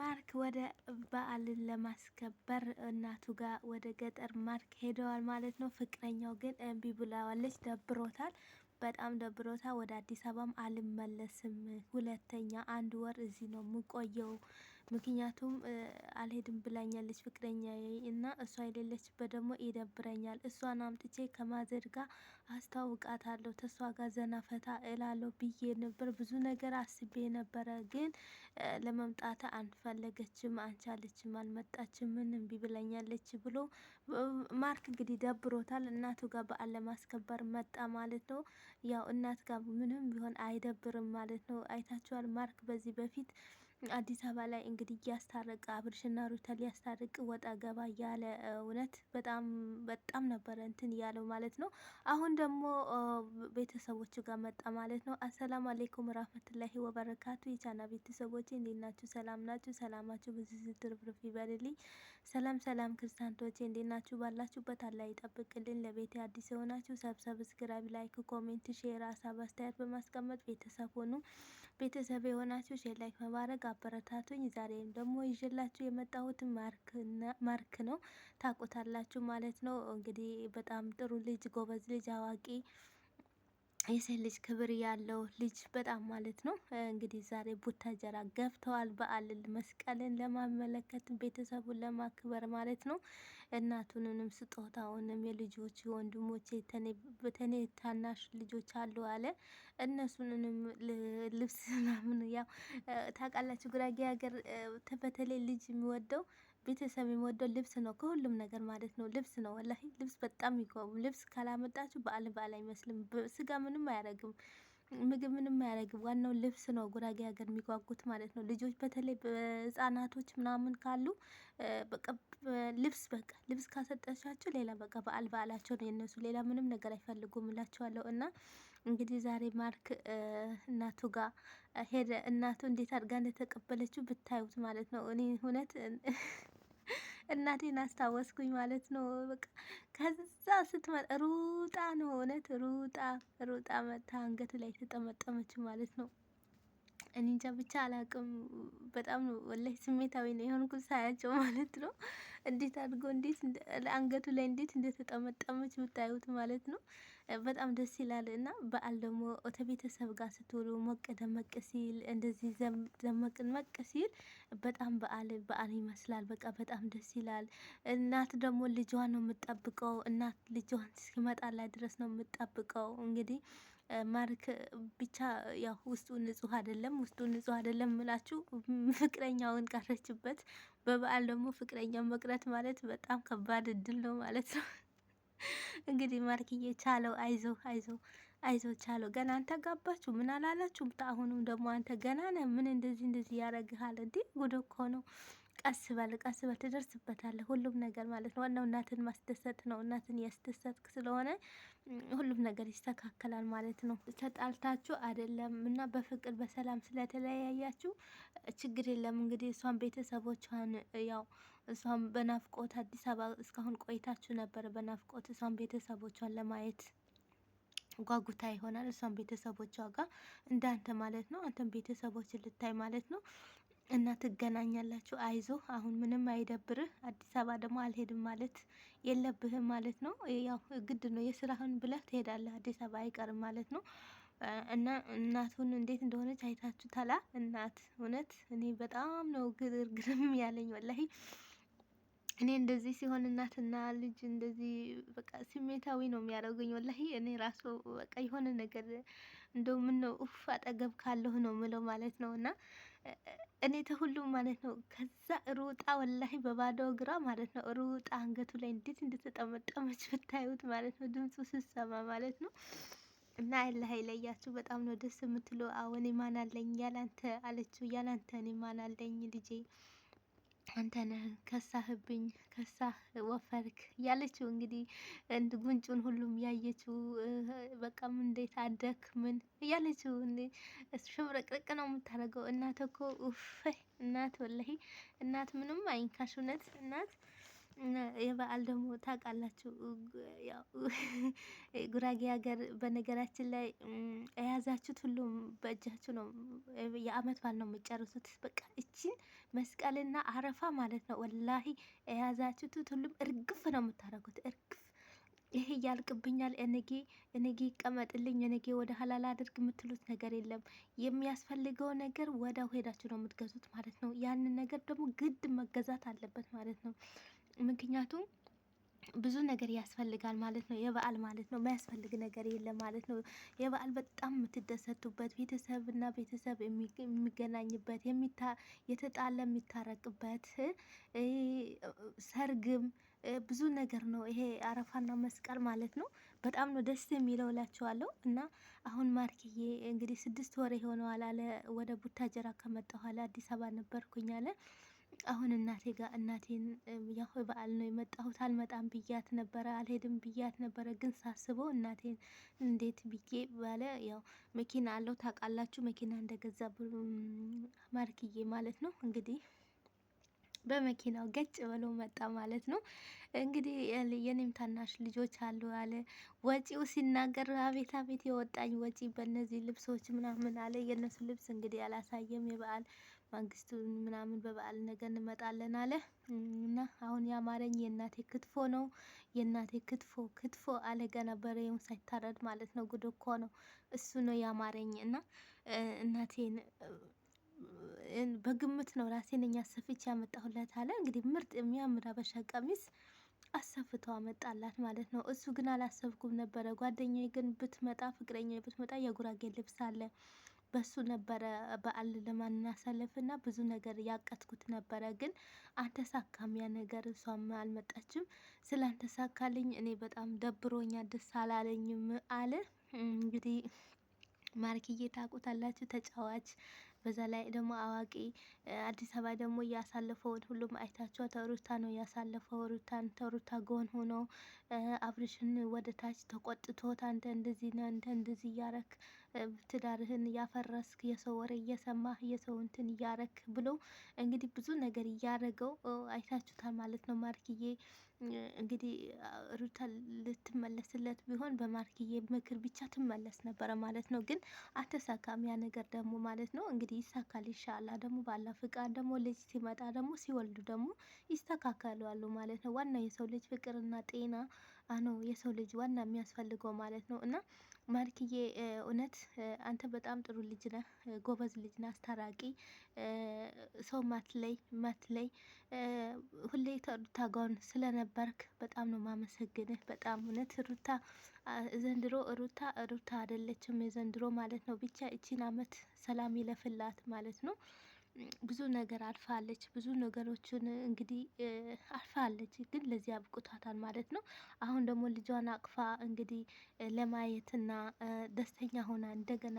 ማርክ ወደ በዓልን ለማስከበር እናቱ ጋር ወደ ገጠር ማርክ ሄደዋል ማለት ነው። ፍቅረኛው ግን እምቢ ብላዋለች። ደብሮታል፣ በጣም ደብሮታል። ወደ አዲስ አበባም አልመለስም፣ ሁለተኛ አንድ ወር እዚህ ነው የምቆየው ምክንያቱም አልሄድም ብላኛለች ፍቅረኛ እና እሷ የሌለችበት ደግሞ ይደብረኛል። እሷን አምጥቼ ከማዘድ ጋር አስተዋውቃታለሁ ተሷ ጋር ዘና ፈታ እላለሁ ብዬ ነበር። ብዙ ነገር አስቤ ነበረ፣ ግን ለመምጣት አልፈለገችም፣ አልቻለችም፣ አልመጣችም። ምን እምቢ ብለኛለች ብሎ ማርክ እንግዲህ ደብሮታል። እናቱ ጋር በዓል ለማስከበር መጣ ማለት ነው። ያው እናት ጋር ምንም ቢሆን አይደብርም ማለት ነው። አይታችኋል ማርክ በዚህ በፊት አዲስ አበባ ላይ እንግዲህ እያስታረቀ አብርሽና ሩታ ሊያስታርቅ ወጣ ገባ እያለ እውነት በጣም በጣም ነበረ እንትን እያለው ማለት ነው። አሁን ደግሞ ቤተሰቦቹ ጋር መጣ ማለት ነው። አሰላሙ አሌይኩም ራህመቱላሂ ወበረካቱ የቻና ቤተሰቦች እንዴት ናችሁ? ሰላም ናችሁ? ሰላማችሁ ብዙ ዝርፍርፍ ይበልልኝ። ሰላም ሰላም ክርስቲያንቶቼ እንዴት ናችሁ? ባላችሁበት አላህ ይጠብቅልን። ለቤት አዲስ የሆናችሁ ሰብሰብ፣ ሰብስክራይብ፣ ላይክ፣ ኮሜንት፣ ሼር ሀሳብ አስተያየት በማስቀመጥ ቤተሰብ ሆኑ። ቤተሰብ የሆናችሁ ሼር ላይክ መባረግ አበረታቱኝ። ዛሬም ደግሞ ይዤላችሁ የመጣሁት ማርክ ነው። ታቁታላችሁ ማለት ነው። እንግዲህ በጣም ጥሩ ልጅ፣ ጎበዝ ልጅ፣ አዋቂ የሴት ልጅ ክብር ያለው ልጅ በጣም ማለት ነው። እንግዲህ ዛሬ ቡታጀራ ገብተዋል። በዓልን መስቀልን ለማመለከት ቤተሰቡን ለማክበር ማለት ነው። እናቱንንም ስጦታውንም የልጆች ወንድሞች በተኔ ታናሽ ልጆች አሉ አለ እነሱንንም ልብስ ምናምን ያው ታውቃላችሁ፣ ጉራጌ ሀገር በተለይ ልጅ የሚወደው ቤተሰብ የሚወደው ልብስ ነው፣ ከሁሉም ነገር ማለት ነው። ልብስ ነው ወላሂ ልብስ በጣም ይቆም። ልብስ ካላመጣችሁ በዓል በዓል አይመስልም። ስጋ ምንም አያደርግም፣ ምግብ ምንም አያደርግም። ዋናው ልብስ ነው። ጉራጌ ሀገር የሚጓጉት ማለት ነው። ልጆች በተለይ ህጻናቶች ምናምን ካሉ በቃ ልብስ በቃ ልብስ ካሰጠሻቸው ሌላ በቃ በዓል በዓላቸው ነው የነሱ። ሌላ ምንም ነገር አይፈልጉም እላቸዋለሁ። እና እንግዲህ ዛሬ ማርክ እናቱ ጋር ሄደ። እናቱ እንዴት አድርጋ እንደተቀበለችው ብታዩት ማለት ነው። እኔ እውነት እናቴን አስታወስኩኝ ማለት ነው። በቃ ከዛ ስትመጣ ሩጣ ነው እውነት ሩጣ ሩጣ መታ አንገት ላይ ተጠመጠመች ማለት ነው። እኔ እንጃ ብቻ አላቅም። በጣም ነው ወላሂ ስሜታዊ ነው የሆንኩ ሳያቸው ማለት ነው። እንዴት አድርጎ እንዴት አንገቱ ላይ እንዴት እንደተጠመጠመች ብታዩት ማለት ነው። በጣም ደስ ይላል እና በዓል ደግሞ ከቤተሰብ ጋር ስትውሉ ሞቅ ደመቅ ሲል እንደዚህ ደመቅ መቅ ሲል በጣም በዓል በዓል ይመስላል። በቃ በጣም ደስ ይላል። እናት ደግሞ ልጇን ነው የምጠብቀው እናት ልጇን እስኪመጣላት ድረስ ነው የምትጠብቀው። እንግዲህ ማርክ ብቻ ያው ውስጡ ንጹህ አይደለም። ውስጡ ንጹህ አይደለም ምላችሁ ፍቅረኛውን ቀረችበት። በበዓል ደግሞ ፍቅረኛው መቅረት ማለት በጣም ከባድ እድል ነው ማለት ነው። እንግዲህ ማርክዬ ቻለው፣ አይዞ አይዞ አይዞ ቻለው። ገና አንተ ጋባችሁ ምን አላላችሁም? አሁንም ደግሞ አንተ ገና ነህ። ምን እንደዚህ እንደዚህ ያረግሃል እንዴ? ጉድ እኮ ነው። ቀስ በል ቀስ በል ትደርስበታለህ። ሁሉም ነገር ማለት ነው። ዋናው እናትን ማስደሰት ነው። እናትን ያስደሰትክ ስለሆነ ሁሉም ነገር ይስተካከላል ማለት ነው። ተጣልታችሁ አይደለም እና በፍቅር በሰላም ስለተለያያችሁ ችግር የለም። እንግዲህ እሷን ቤተሰቦቿን ያው እሷም በናፍቆት አዲስ አበባ እስካሁን ቆይታችሁ ነበር። በናፍቆት እሷም ቤተሰቦቿን ለማየት ጓጉታ ይሆናል። እሷም ቤተሰቦቿ ጋር እንዳንተ ማለት ነው። አንተም ቤተሰቦች ልታይ ማለት ነው። እና ትገናኛላችሁ። አይዞ አሁን ምንም አይደብርህ። አዲስ አበባ ደግሞ አልሄድም ማለት የለብህም ማለት ነው። ያው ግድ ነው የስራህን ብለህ ትሄዳለህ። አዲስ አበባ አይቀርም ማለት ነው። እና እናቱን እንዴት እንደሆነች አይታችሁ ታላ እናት እውነት እኔ በጣም ነው ግርግርም ያለኝ ወላሂ እኔ እንደዚህ ሲሆን እናትና ልጅ እንደዚህ በቃ ስሜታዊ ነው የሚያደርገኝ። ወላሂ እኔ ራሱ በቃ የሆነ ነገር እንደው ምን ነው ኡፍ አጠገብ ካለሁ ነው ምለው ማለት ነው። እና እኔ ተሁሉም ማለት ነው ከዛ ሩጣ ወላሂ በባዶ እግሯ ማለት ነው ሩጣ አንገቱ ላይ እንዴት እንደተጠመጠመች ብታዩት ማለት ነው ድምፁ ስሰማ ማለት ነው። እና አላህ ይለያችሁ። በጣም ነው ደስ የምትለው። አዎ እኔ ማን አለኝ ያላንተ አለችው። ያላንተ እኔ ማን አለኝ ልጄ አንተነህ ከሳህብኝ ከሳህ ወፈርክ ያለችው እንግዲህ እንድ ጉንጩን ሁሉም ያየችው በቃም እንዴት አደክ ምን እያለችው ሽምረቅርቅ ነው የምታደርገው። እናት እኮ እናት ወላሂ እናት ምንም አይንካሽ እውነት እናት የበዓል ደግሞ ታውቃላችሁ፣ ጉራጌ ሀገር በነገራችን ላይ የያዛችሁት ሁሉም በእጃችሁ ነው። የአመት በዓል ነው የምጨርሱት። በቃ እችን መስቀልና አረፋ ማለት ነው። ወላሂ የያዛችሁት ሁሉም እርግፍ ነው የምታደርጉት። እርግፍ ይሄ ያልቅብኛል፣ እነጌ እነጌ ይቀመጥልኝ፣ እነጌ ወደ ኋላ ላድርግ የምትሉት ነገር የለም። የሚያስፈልገው ነገር ወዳው ሄዳችሁ ነው የምትገዙት ማለት ነው። ያንን ነገር ደግሞ ግድ መገዛት አለበት ማለት ነው። ምክንያቱም ብዙ ነገር ያስፈልጋል ማለት ነው። የበዓል ማለት ነው የማያስፈልግ ነገር የለም ማለት ነው። የበዓል በጣም የምትደሰቱበት ቤተሰብና ቤተሰብ የሚገናኝበት የተጣለ የሚታረቅበት ሰርግም ብዙ ነገር ነው። ይሄ አረፋና መስቀል ማለት ነው። በጣም ነው ደስ የሚለው እላችኋለሁ። እና አሁን ማርክዬ እንግዲህ ስድስት ወር የሆነዋል አለ። ወደ ቡታጀራ ከመጣኋላ አዲስ አበባ ነበርኩኝ አለ አሁን እናቴ ጋር እናቴን ያው በዓል ነው የመጣሁት አልመጣም ብያት ነበረ፣ አልሄድም ብያት ነበረ። ግን ሳስበው እናቴን እንዴት ብዬ ባለ ያው መኪና አለው ታውቃላችሁ፣ መኪና እንደገዛ ማርክዬ ማለት ነው እንግዲህ በመኪናው ገጭ ብሎ መጣ ማለት ነው። እንግዲህ የኔም ታናሽ ልጆች አሉ አለ ወጪው ሲናገር አቤት አቤት የወጣኝ ወጪ በእነዚህ ልብሶች ምናምን አለ። የእነሱ ልብስ እንግዲህ አላሳየም የበዓል ማንግስቱን ምናምን በበዓል ነገር እንመጣለን አለ እና አሁን ያማረኝ የእናቴ ክትፎ ነው። የእናቴ ክትፎ ክትፎ አለ ገና በሬውን ሳይታረድ ማለት ነው። ጉድ እኮ ነው። እሱ ነው ያማረኝ እና እናቴን በግምት ነው ራሴን እኛ ሰፍቼ ያመጣሁላት አለ። እንግዲህ ምርጥ የሚያምር አበሻ ቀሚስ አሰፍቶ አመጣላት ማለት ነው። እሱ ግን አላሰብኩም ነበረ። ጓደኛዬ ግን ብትመጣ ፍቅረኛ ብትመጣ የጉራጌ ልብስ አለ በሱ ነበረ በዓል እና ብዙ ነገር ያቀትኩት ነበረ፣ ግን አልተሳካም። ያ ነገር እሷም አልመጣችም። ስላልተሳካልኝ እኔ በጣም ደብሮኛ፣ ደስ አላለኝም አለ። እንግዲህ ማርክዬ ታውቁታላችሁ፣ ተጫዋች በዛ ላይ ደግሞ አዋቂ አዲስ አበባ ደግሞ እያሳለፈውን ሁሉም አይታችኋት ተሩታ ነው እያሳለፈው ሩታን ተሩታ ጎን ሆኖ አብርሽን ወደ ታች ተቆጥቶት አንተ እንደዚህ ነህ አንተ እንደዚህ እያረክ ትዳርህን እያፈረስክ የሰው ወሬ እየሰማህ የሰው እንትን እያረክ ብሎ እንግዲህ ብዙ ነገር እያረገው አይታችሁታል ማለት ነው ማርክዬ እንግዲህ ሩታ ልትመለስለት ቢሆን በማርክዬ ምክር ብቻ ትመለስ ነበረ ማለት ነው። ግን አልተሳካም ያ ነገር ደግሞ ማለት ነው። እንግዲህ ይሳካል ይሻላ ደግሞ ባላ ፍቃድ ደግሞ ልጅ ሲመጣ ደግሞ ሲወልዱ ደግሞ ይስተካከላሉ ማለት ነው። ዋና የሰው ልጅ ፍቅርና ጤና ነው የሰው ልጅ ዋና የሚያስፈልገው ማለት ነው። እና ማርክዬ እውነት አንተ በጣም ጥሩ ልጅ ነህ፣ ጎበዝ ልጅ ነህ፣ አስታራቂ ሰው ማትለይ ማትለይ ሁሌ ተሩታ ጋር ስለነበርክ በጣም ነው ማመሰግንህ። በጣም እውነት ሩታ ዘንድሮ ሩታ ሩታ አይደለችም የዘንድሮ ማለት ነው። ብቻ እቺን አመት ሰላም ይለፍላት ማለት ነው። ብዙ ነገር አልፋለች። ብዙ ነገሮችን እንግዲህ አልፋለች፣ ግን ለዚህ አብቅቷታል ማለት ነው። አሁን ደግሞ ልጇን አቅፋ እንግዲህ ለማየትና ደስተኛ ሆና እንደገና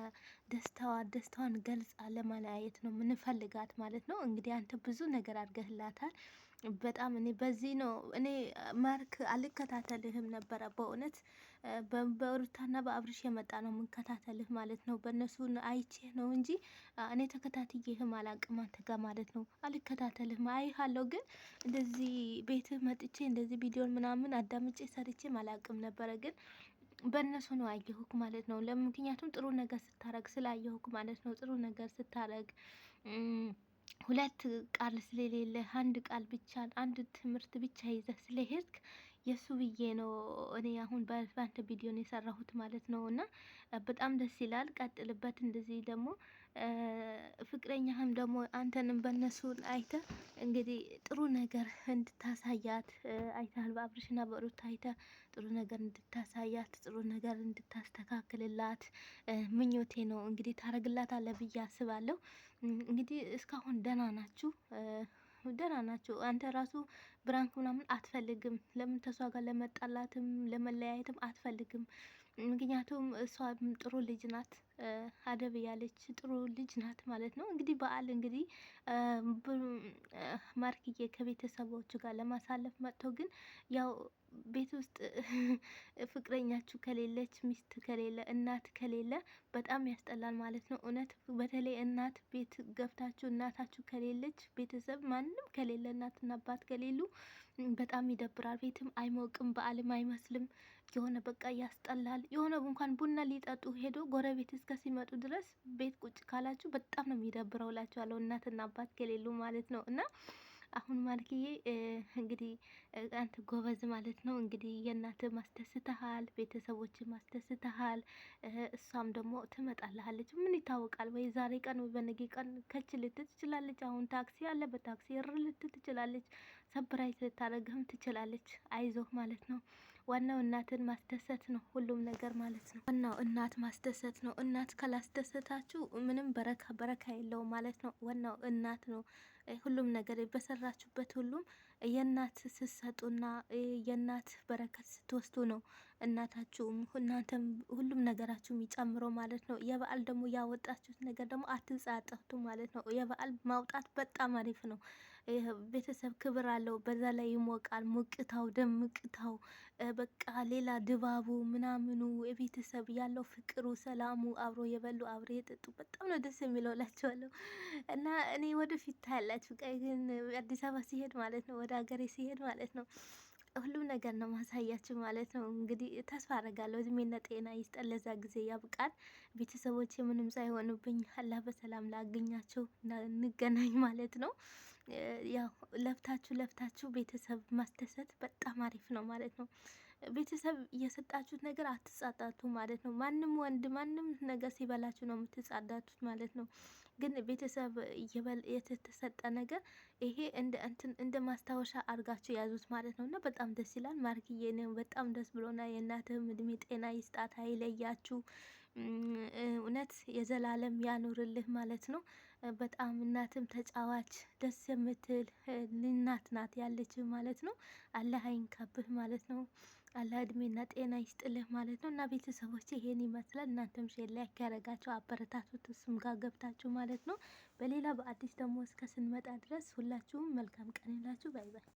ደስታዋ ደስታዋን ገልጻ ለማለያየት ነው ምንፈልጋት ማለት ነው። እንግዲህ አንተ ብዙ ነገር አድርገህላታል። በጣም እኔ በዚህ ነው እኔ ማርክ አልከታተልህም ነበረ። በእውነት በሩታና በአብርሽ የመጣ ነው የምንከታተልህ ማለት ነው። በእነሱ አይቼ ነው እንጂ እኔ ተከታትዬህም አላቅም አንተ ጋር ማለት ነው። አልከታተልህም አይሃለሁ፣ ግን እንደዚህ ቤት መጥቼ እንደዚህ ቪዲዮን ምናምን አዳምጬ ሰርቼም አላቅም ነበረ ግን በእነሱ ነው አየሁክ ማለት ነው። ለምክንያቱም ጥሩ ነገር ስታረግ ስላየሁክ ማለት ነው። ጥሩ ነገር ስታረግ ሁለት ቃል ስለሌለ አንድ ቃል ብቻ አንድ ትምህርት ብቻ ይዘህ ስለሄድክ የእሱ ብዬ ነው እኔ አሁን በአንተ ቪዲዮን የሰራሁት ማለት ነው። እና በጣም ደስ ይላል። ቀጥልበት። እንደዚህ ደግሞ ፍቅረኛህም ደግሞ አንተንም በእነሱ አይተ እንግዲህ ጥሩ ነገር እንድታሳያት አይተሃል። በአብርሽና በሩት አይተ ጥሩ ነገር እንድታሳያት፣ ጥሩ ነገር እንድታስተካክልላት ምኞቴ ነው። እንግዲህ አለ ብዬ አስባለሁ። እንግዲህ እስካሁን ደህና ናችሁ ደህና ናቸው። አንተ ራሱ ብራንክ ምናምን አትፈልግም። ለምን ተሷ ጋር ለመጣላትም ለመለያየትም አትፈልግም። ምክንያቱም እሷ ጥሩ ልጅ ናት። አደብ ያለች ጥሩ ልጅ ናት ማለት ነው። እንግዲህ በዓል እንግዲህ ማርክዬ ከቤተሰቦቹ ጋር ለማሳለፍ መጥቶ ግን ያው ቤት ውስጥ ፍቅረኛችሁ ከሌለች፣ ሚስት ከሌለ፣ እናት ከሌለ በጣም ያስጠላል ማለት ነው። እውነት በተለይ እናት ቤት ገብታችሁ እናታችሁ ከሌለች፣ ቤተሰብ ማንም ከሌለ፣ እናትና አባት ከሌሉ በጣም ይደብራል። ቤትም አይሞቅም፣ በዓልም አይመስልም። የሆነ በቃ ያስጠላል። የሆነ እንኳን ቡና ሊጠጡ ሄዶ ጎረቤት እስከ ሲመጡ ድረስ ቤት ቁጭ ካላችሁ በጣም ነው የሚደብረው እላችኋለሁ። እናትና አባት ከሌሉ ማለት ነው እና አሁን ማልኪዬ እንግዲህ አንተ ጎበዝ ማለት ነው። እንግዲህ የእናት ማስደስተሃል፣ ቤተሰቦች ማስደስተሃል። እሷም ደግሞ ትመጣልሃለች። ምን ይታወቃል ወይ ዛሬ ቀን ወይ በነገ ቀን ከች ልት ትችላለች። አሁን ታክሲ አለ፣ በታክሲ እር ልት ትችላለች። ሰብራይዝ ልታደርግህም ትችላለች። አይዞህ ማለት ነው። ዋናው እናትን ማስደሰት ነው፣ ሁሉም ነገር ማለት ነው። ዋናው እናት ማስደሰት ነው። እናት ካላስደሰታችሁ ምንም በረካ በረካ የለውም ማለት ነው። ዋናው እናት ነው። ሁሉም ነገር በሰራችሁበት ሁሉም የእናት ስትሰጡና የእናት በረከት ስትወስዱ ነው። እናታችሁም እናንተም ሁሉም ነገራችሁ የሚጨምረው ማለት ነው። የበዓል ደግሞ ያወጣችሁት ነገር ደግሞ አትንጻጠቱ ማለት ነው። የበዓል ማውጣት በጣም አሪፍ ነው። ቤተሰብ ክብር አለው። በዛ ላይ ይሞቃል። ሞቅታው ደምቅታው በቃ ሌላ ድባቡ ምናምኑ የቤተሰብ ያለው ፍቅሩ፣ ሰላሙ፣ አብሮ የበሉ አብሮ የጠጡ በጣም ነው ደስ የሚለው እላቸዋለሁ። እና እኔ ወደፊት ታያላችሁ። ቀይ ግን አዲስ አበባ ሲሄድ ማለት ነው ወደ ሀገሬ ሲሄድ ማለት ነው ሁሉም ነገር ነው ማሳያችሁ ማለት ነው። እንግዲህ ተስፋ አደርጋለሁ እድሜና ጤና ይስጠን፣ ለዛ ጊዜ ያብቃል። ቤተሰቦች ምንም ሳይሆኑብኝ አላህ በሰላም ላገኛቸው እንገናኝ ማለት ነው። ያው ለፍታችሁ ለፍታችሁ ቤተሰብ ማስደሰት በጣም አሪፍ ነው ማለት ነው። ቤተሰብ የሰጣችሁት ነገር አትጻጣቱ ማለት ነው። ማንም ወንድ ማንም ነገር ሲበላችሁ ነው የምትጻዳቱት ማለት ነው። ግን ቤተሰብ የተሰጠ ነገር ይሄ እንደ እንትን እንደ ማስታወሻ አድርጋችሁ ያዙት ማለት ነው እና በጣም ደስ ይላል። ማርክዬ ነው በጣም ደስ ብሎና የእናትህም እድሜ ጤና ይስጣት አይለያችሁ። እውነት የዘላለም ያኑርልህ ማለት ነው። በጣም እናትም ተጫዋች ደስ የምትል እናት ናት ያለችህ ማለት ነው። አላህ አይንካብህ ማለት ነው። አላህ እድሜና ጤና ይስጥልህ ማለት ነው። እና ቤተሰቦች ይሄን ይመስላል። እናንተም ሼር ላይክ ያደረጋችሁ አበረታቱት እሱም ጋር ገብታችሁ ማለት ነው። በሌላ በአዲስ ደግሞ እስከ ስንመጣ ድረስ ሁላችሁም መልካም ቀን ይላችሁ። ባይ ባይ።